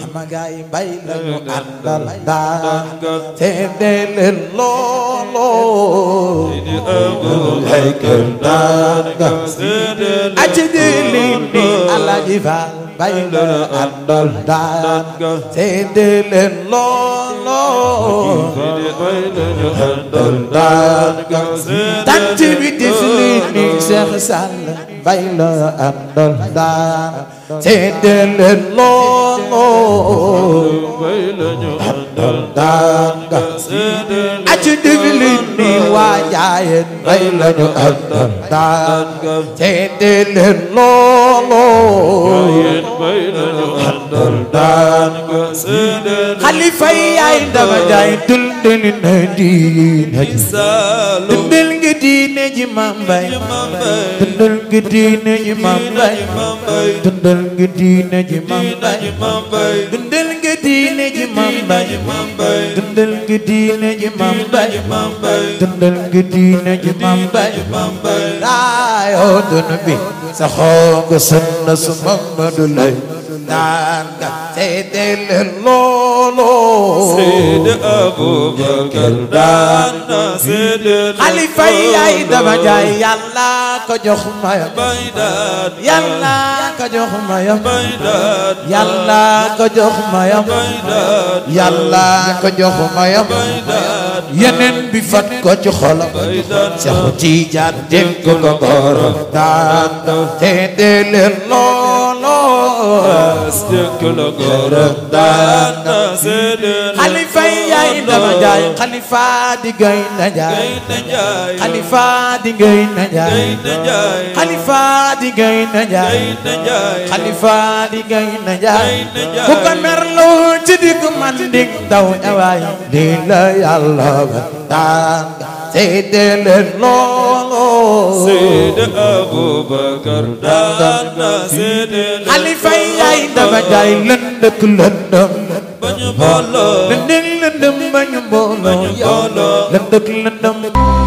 sama gaay mbay lañu àndal daan seede leen loolo ay kër daan nga acci di lim ni alaji fa mbay lañu àndal daan seede leen loolo ay kër daan nga tànn bi di si Cheikh Sall bay la am dol daa seede leen lool bay la ñu am dol daa aci digli ni waa jaayeen bay la ñu am dol daa seede leen lool bay nañu àndal daan ko séedee xalifa yi yaay dama jaay dundal na diine ji dundal nga diine ji maam bay dundal nga diine ji maam bay dundal nga diine ji maam bay dundal nga diine Mbaye dundal nga ji Maam Mbaye dundal nga diine ji Maam Mbaye laa yoo dund bi lay daanaka seede leen loolu. seede Abubakar daana seede loolu. xalifa yi ay dama jaay yàlla ko jox ma ya. baydaat yàlla ko jox ma ya. baydaat yàlla ko jox ma ya. baydaat yàlla ko jox ma ya. baydaat yeneen bi fat ko ci xolam. baydaat Seexu Tijaan dégg ko góoram. daanaka seede leen loolu. askelo gërëm daan xalifa di gay jaay xalifa di gay na di gay na jaay xalifa di gay na jaay ku ko merlu ci dig Seydi Aboubacar daan na Seydi xalifa yaay dafa jaay lëndëk lëndëm ba ñu booloo lëndëk lëndëm ba ñu booloo lëndëk lëndëm